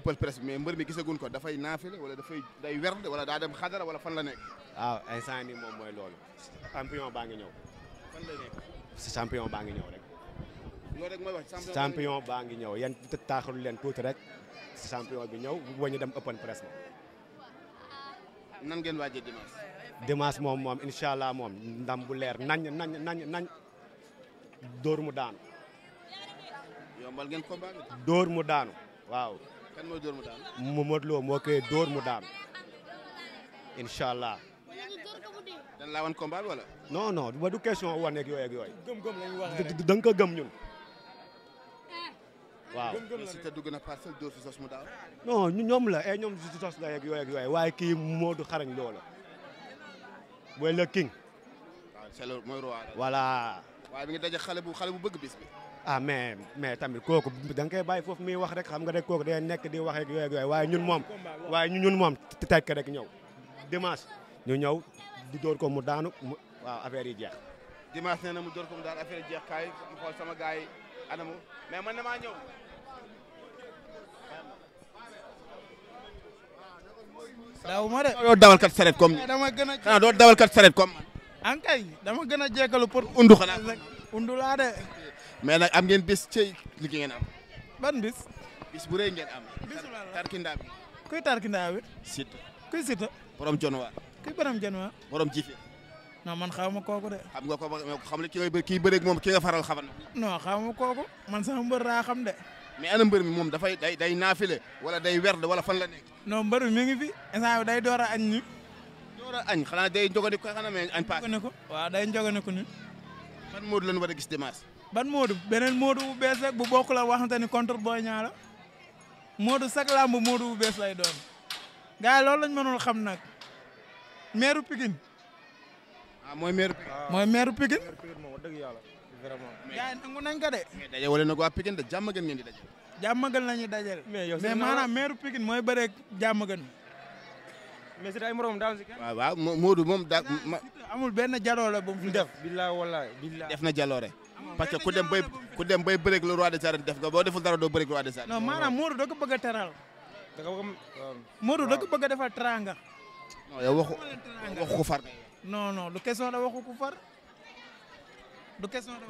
ëppal presse bi mais mi gisaguñ ko dafay naafile wala dafay day werd wala daa dem xadara wala fan la nekk. waaw instant ni moom mooy loolu. champion baa ngi ñëw. champion baa ngi ñëw rek. loolu rek baa ngi ñëw yan taaxalu leen tuuti rek champion bi ñëw wañu dem ëppal presse moom. nan ngeen waajee dimanche. dimanche moom moom incha allah moom ndam bu leer nañ nañ nañ nañ dóor mu daanu. yombal ngeen combat. dóor mu daanu waaw. kan moo dóor mu daan. mu moo koy dóor mu daan incha allah. dañ laa wan combat wala. non non du question wane ak yooyu ak yooyu. gëm la ñu ñun. waaw si te dugg na parcelle dóor ñoom la ay eh, ñoom si sos la ak yooyu waaye kii Modou xarañ loola. mooy le king. waaw c'est le bu xale bi. ah mais mais tamit kooku da nga koy bàyyi foofu muy wax rek xam nga rek kooku day nekk di wax rek yooyu ak yooyu waaye ñun moom waaye ñun moom rek ñëw dimanche ñu ñëw di dóor ko mu daanu mu waaw affaire yi jeex dimanche nee na mu dóor ko mu daanu affaire yi jeex kaay sama gars yi mais man damaa ñëw daaw ma de doo dawal kat saret comme dama gën a xanaa doo dawal kat saret comme an dama gën a jeekalu pour undu xanaa undu laa de mais nag am ngeen bis ci li ngeen am. ban bis. bis bu rëy ngeen am. bis bu rëy tarkindaa bi. kuy tarkindaa bi. Siteu. kuy Siteu. borom januwaar. kuy borom januwaar. borom jife. non man xaw ma kooku de. nga ko xam nga ki nga kii moom ki nga faral xamal. non xaw ma kooku man sama mbër laa xam de. mais ana mbër mi moom dafay day day naafile wala day werd wala fan la nekk. non mbër mi mi ngi fi instant day door a añ ñu. door a añ xanaa day njogani ko waaw day njogani ko ni. man Modou war a gis dimanche. ban Modou beneen Modou bu bees rek bu bokk la waxante ni contre Boy Niang la Modou chaque lamb Modou bu bees lay doon gars yi loolu lañ mënul xam nag meeru Pikine. Ah, mooy meeru Pikine ah. mooy dëgg yàlla vraiment. gars yi nangu nañ ko de. mais daje wala nag jàmm di daje. jàmm gën la ñuy dajale. mais yow mais maanaam meeru Pikine mooy bëreeg jàmm gën. mais morom daal moom daa. amul benn jaloore bu mu fi def. billaay def na jaloore. parce que ku dem bay ku le roi des arènes def nga boo deful dara doo bëreeg roi des arènes. non maanaam Modou da ko bëgg a teral. da ko a Modou da a defal teranga. non yow waxu waxu ko far. non non du question la waxu ko far.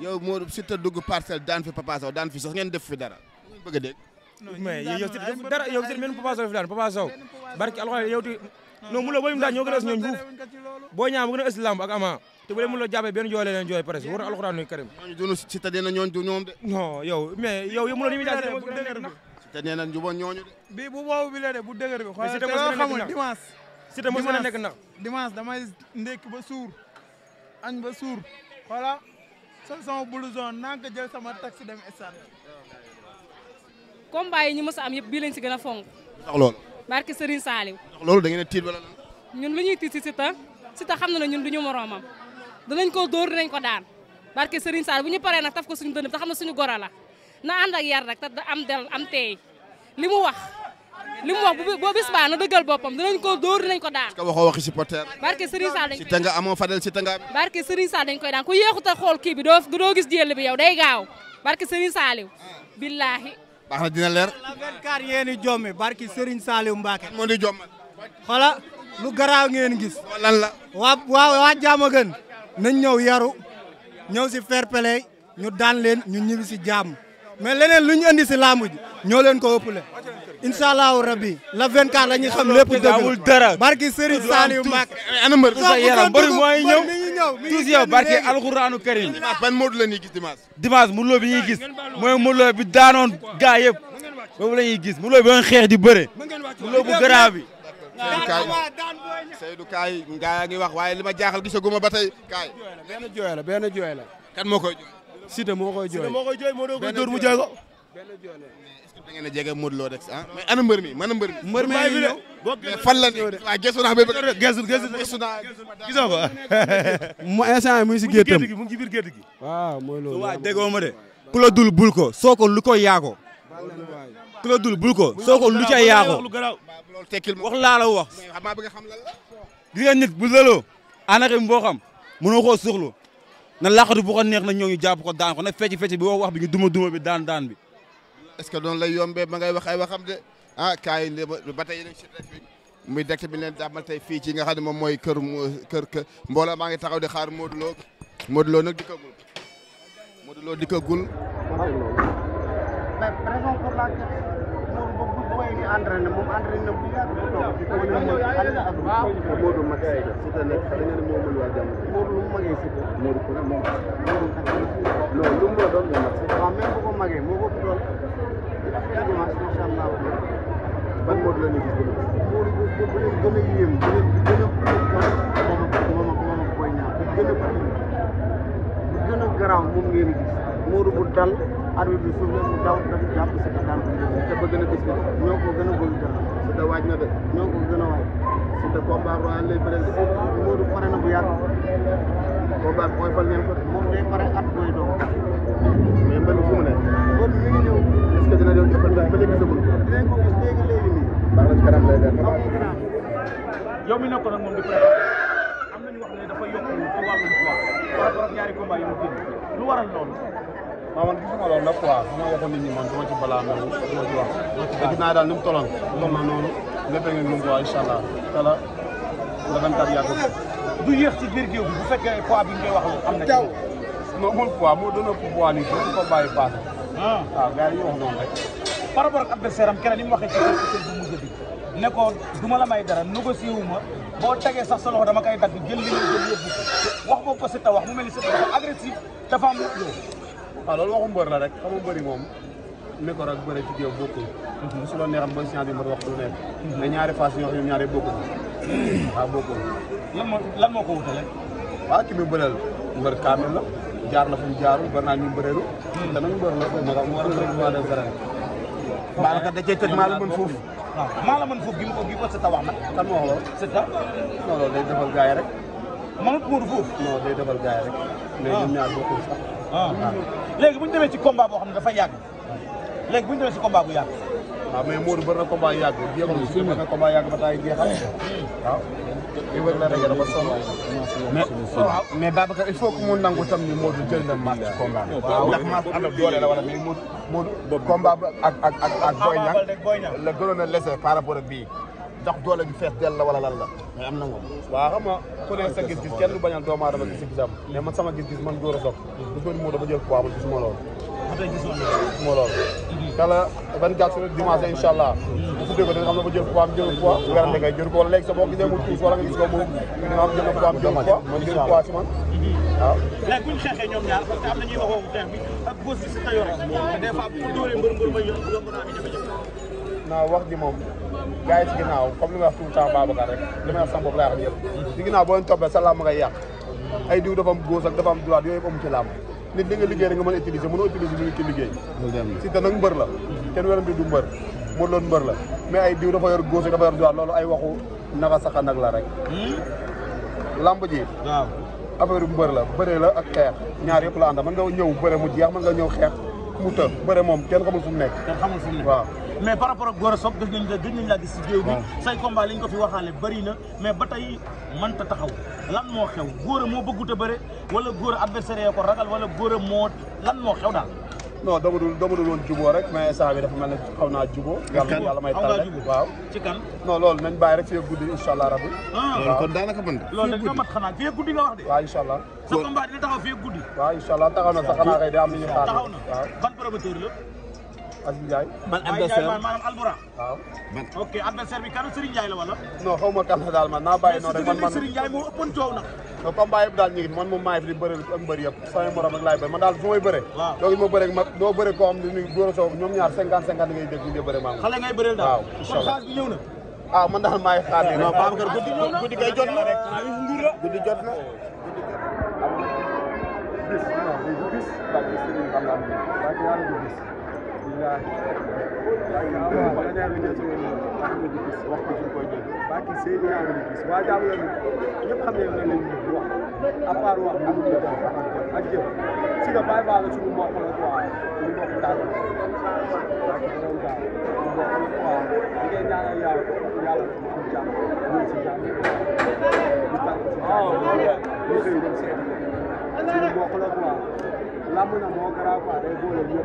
yow Modou Siteu dugg parcelle daan fi Papa daan fi sax ngeen def fi dara. bëgg a yow Siteu dara yow fi daan Papa Sow barki alxuraan non mu la booy mu daan ñoo gën a ës ñooñu fuuf booy ñaa mu gën a ës lamb ak ama te bu dee mu la jàppee benn jooy leen jooy presque war na alxuraan karim non yow mais yow yow mu la ni daan te nee nañ juboon ñooñu bu boobu bi la de bu dëgër bi. xoolal te loo xamul dimanche. si te mos na nekk nag dimanche damay ba suur. añ ba suur. voilà sol sama blouson naa ko jël sama taxi dem stade. combat yi ñu mos a am yëpp bii lañ si gën a fonk. barke Serigne Saliou. loolu da ngeen a tiit wala lu ñuy tiit si Siteu xam na ne ñun du ñu moroomam dinañ ko dóor dinañ ko daan barke Serigne Saliou bu ñu paree nag taf ko suñu dënn bi na suñu gora la na ànd ak yar nag te am del am teey li mu wax. li mu wax boo bis baa na dëggal boppam dinañ ko ko daan. waxoo waxi supporter. barke Serigne Sall dañ koy Siteu nga amoo Fadel Siteu nga. a xool kii bi doo doo gis jël bi yow day gaaw barke Serigne Saliou. Ah. baax na dina leer. la 24 yéen i jommi barki Serigne Saliou Mbacke. moo di jommal. xoola lu garaaw ngeen gis. lan la. waa waa waa jaama gën. na ñëw yaru ñëw si fair play ñu daan leen ñu ñibbi si jàmm mais leneen lu ñu si làmb ji ñoo leen ko ëppale. incha allahu rabi la 24 la ñuy xam lépp dëgg barki Serigne Saliou Mbacke. ana mbër sa yaram bëri mooy ñëw yow tous yow barke alxuraanu karim dimanche ban Modou la ñuy gis dimanche dimanche Modou Lo bi ñuy gis mooy Modou Lo bi daanoon gaa yëpp boobu la ñuy gis Modou Lo bi doon xeex di bëre Modou Lo bu garaaw bi Seydou Kaay Seydou Kaay ngi wax waaye li ma jaaxal gisaguma ba tey Kaay benn jooy la benn jooy la kan moo koy jooy Siteu moo koy jooy Siteu moo koy jooy moo doo koy dóor mu jooy ko da ngeen a jege Modou Lo rek ah mais ana mbër mi man mbër mi. mbër mi ngi ñëw mais fan la ne waaw gëstu naa bëgg a gëstu gëstu naa gisoo ko. mu instant mu ngi si géttam mu ngi ci biir gétt gi. waaw mooy loolu waaw déggoo ma de. ku la dul bul ko soo ko lu ko yaa ko. ku la dul bul ko soo ko lu ca yaa ko. wax laa la wax. gis nga nit bu lëloo. anakim boo xam mënoo koo suxlu na laqatu bu ko neex na ñoo ñu jàpp ko daan ko na fecc fecc bi wax wax bi ñu duma duma bi daan daan bi. est-ce que doonu lay yombee ba ngay wax ay waxam de ah kaay yi ba tey muy dëkk bi leen dàmmal tey fii ci nga xam ne moom mooy kër kër maa ngi taxaw di xaar Modou Lo Modou Lo nag dimanche macha allah ban Modou la ñu gis bu leen a yéem bu gën a moom ak bu gën bu gën a garaaw moom ngeen bu dal arbitre bi la mu daw si ka daan te ba gën a gis ñoo ko na de ñoo ko gën a waaj su da combat royal lay bëre Modou pare na bu yàgg combat booy fal ngeen ko moom day pare at booy doom mais mbënd fu mu ne kon mi ngi ñëw que dina doon jëppal ba léegi dugg. dinañ ko gis léegi léegi nii. baax na ci kanam lay def. yow mi nekkoon ak moom di préparé am nañu wax ne dafa yokk ci wàllum poids par rapport ak ñaari combat yi mu génn lu waral loolu. waaw man gisuma loolu nag quoi su ma waxoon nit ñi man dama ci balaa mel dama ci wax. te gis naa daal ni mu tolloon. toll na noonu lépp a ngi mën quoi incha allah kala le 24 yàgg du yéex ci biir géew bi bu fekkee poids bi ngay wax am na ci. non amul poids moo doon ëpp poids nii foofu ko bàyyi paase. par rapport ak adversaire am kene ni waxe waxee ci kër bu mujj bi ne ko duma la may dara négocié wu ma boo tegee sax solo dama kay dag jël li nga jël yëpp wax bo ko ci taw wax mu melni ni agressif dafa am lu wa loolu waxu mbër la rek xamu mom ne ko ak bëre ci géew bokkul su la neexam bo sian bi mo wax lu neex na ñaari phase yo xam ñaari bokku waaw bokku lan mo lan moo ko wutale wa ki mu bëreel mbeur kamel la jaar na fu mu jaarul ba naa ñu bëreelu. Hmm. te nag mbër la ma na rek waa des arènes. daanaka da maa la mën foofu. waaw maa la man foofu gi mu ko gi ko Siteu wax nag. kan moo wax loolu. Siteu non loolu day defal gars yi rek. mënut Modou foofu. non day ah. Ah. Ah. bu demee ci combat boo xam ne dafa yàgg. léegi bu ñu demee ci combat bu yàgg. waaw mais Modou bëri na combat a waaw. mais mais a il faut que mu nangu tam ni Modou jël na maat ci combat ndax maat am na doole la wala mais Modou Modou combat ak ak ak la gënoon a laissé par rapport ak bii ndax doole ju fees dell la wala la la mais am na nga waaw xam nga ku ne sa gis-gis kenn du bañal doomu aadama gis gisam mais man sama gis-gis man góor a soog gis nga ni Modou dafa jël poids man gisuma loolu gisuma loolu ne la 24 heures dimanche incha allah bu fuddee ko da nga xam ne ba jël poids am jël poids werante ngay jël ko wala léegi sa boo gisee mu tuus wala nga gis ko mu nga xam jël poids am jël poids man jël poids si man waaw léegi bu ñu xeexee ñoom ñaar parce que am na ñuy waxoo xeex bi ak bës bi si ta yore des fois bu dóoree mbër mbër ma yomb naa bi jafe-jafe naa wax ji moom gars yi si ginnaaw comme li may wax tout le temps Babacar rek li may wax sama bopp laay wax yëpp si ginnaaw boo leen toppee sa làmb ngay yàq ay diw dafa am góos ak dafa am droit yooyu yëpp amu ci làmb nit li nga liggéey rek nga mën a utiliser mënoo utiliser li nga ci liggéey Siteu nag mbër la kenn weram bi du mbër Modou Lo mbër la mais ay diw dafa yor góosu dafa yor droit loolu ay waxu naxa saxa nag la rek hmm? lamb ji waaw affaire mbër la bëre la ak xeex ñaar yëpp la ànda mën nga ñëw bëre mu jeex man nga ñëw xeex mu të bëre moom kenn xamul fu nekk kenn xamul fu mu nekk waaw mais par rapport ak Gora Sock gis nañ la gis si géew say combat li ko fi waxaale bëri na mais ba tey mënta taxaw lan moo xew Gora moo bëggut a bëre wala Gora adversaire yoo ko ragal wala Gora moo lan moo xew daal non dama dul dama dul woon jubóo rek mais saa bi dafa mel ne xaw naa jubóo. yàlla yàlla may tàlle waaw. ci kan non loolu nañ bàyyi rek fii guddi incha allah rabbi. Ah. loolu kon daanaka mën na. loolu dañ ko mat xanaa fii guddi nga wax de. waaw incha allah. sa combat dina taxaw fii guddi. waaw incha allah taxaw na sax xanaa kay day am lu ñuy xaar. taxaw na ban promoteur la. Aziz Ndiaye. man adversaire waaw maanaam Albourakh. waaw man. ok adversaire bi kan Serigne Ndiaye la wala. non xaw ma kan daal man naa bàyyi noonu rek man man Serigne Ndiaye moo ëppoon coow nag donc combat yëpp daal ñu ngi man moom maa ngi fi di bëre ak mbër yëpp sama morom ak laay bëri man daal su may bëre donc doo bëre koo xam ne ni a ñoom ñaar cinquante cinquante ngay dégg ñu dee bëre maa xale ngay bëreel daal waaw man daal maa ngi xaar nii rek Babacar guddi guddi kay jot na guddi jot na waaw loolu la ñu